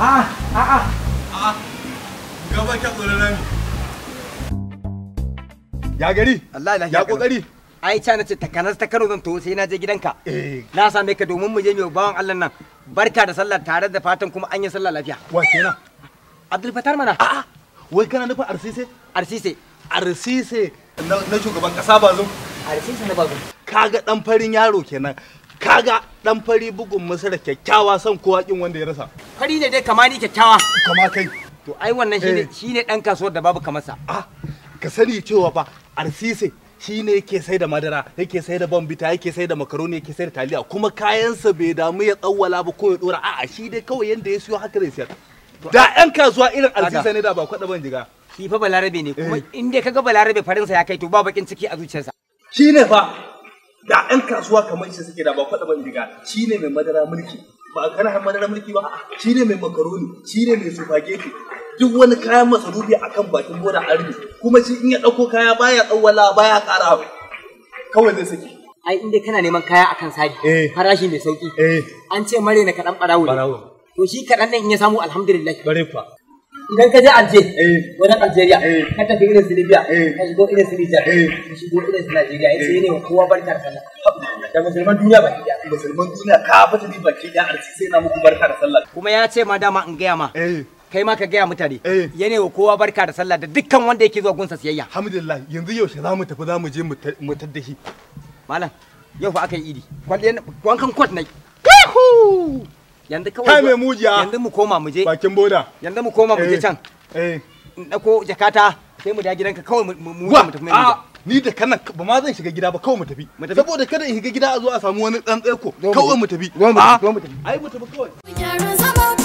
Gaba ka tsorona ne. Ya gari? Allah lafiya. Ya kokari? Ai ta nace takanas ta Kano zan to sai na je gidanka. Eh. Na same ka domin mu je mu bawan Allah nan. Barka da sallah tare da fatan kuma an yi sallah lafiya. Wa kenan? Abdul Fatar mana. A'a. Wai kana nufin Arsise? Arsise. Arsise na shugaban kasa bazo. Arsise na bazo. Kaga dan farin yaro kenan. Kaga dan fari bugun masara kyakkyawa san kowa kin wanda ya rasa fari ne dai kama ni kyakkyawa kama kai to ai wannan shine eh. shine dan kasuwar da babu kamarsa ah ka sani cewa fa arsise shine yake sai da madara yake sai da bambita yake sai da makaroni yake sai da taliya kuma kayansa bai damu ya tsawwala ba ko ya dora a shi dai kawai yanda ya siyo haka zai siyar da yan kasuwa irin arsise ne da ba kwada ban jiga shi fa balarabe ne kuma eh. in dai kaga balarabe farin sa ya kai to ba bakin ciki a zuciyarsa shine fa da ɗan kasuwa kamar isa suke da ba kwaɗa ban diga shi ne mai madara mulki ba kana har madara mulki ba shi ne mai makaroni shi ne mai supageti duk wani kayan masarufi kan bakin bora a rubi kuma shi in ya ɗauko kaya baya tsawwala baya ƙara kawai zai saki ai inda kana neman kaya akan sari eh. farashi mai sauki eh. an ce mare na kaɗan ɓarawo to shi kaɗan nan in ya samu alhamdulillah bare kuwa idan ka je alje wani algeria eh. eh. ka tafi irin su libya eh. ka shigo irin su nijar ka shigo irin su najeriya ya ce ne kowa barkar sallah da musulman duniya baki daya musulman duniya ka bi ni ke da arsi sai na muku barkar sallah kuma ya ce ma dama in gaya ma kai ma ka gaya mutane ya ne kowa barka da sallah da dukkan wanda yake zuwa gunsa siyayya alhamdulillah yanzu yaushe za mu tafi za mu je mu tadda shi malam yau fa aka yi idi kwalliyan wankan kwat na yi yanzu kawai mai mujiya yanzu mu koma mu je bakin boda yanzu mu koma mu je eh, can eh dako jakata sai mu da gidanka kawai mu mu tafi mai ni da kana ba ma zan shiga gida ba kawai mu tafi saboda kada in shiga gida a zo a samu wani tsantsai ko kawai mu tafi a ai mu tafi kawai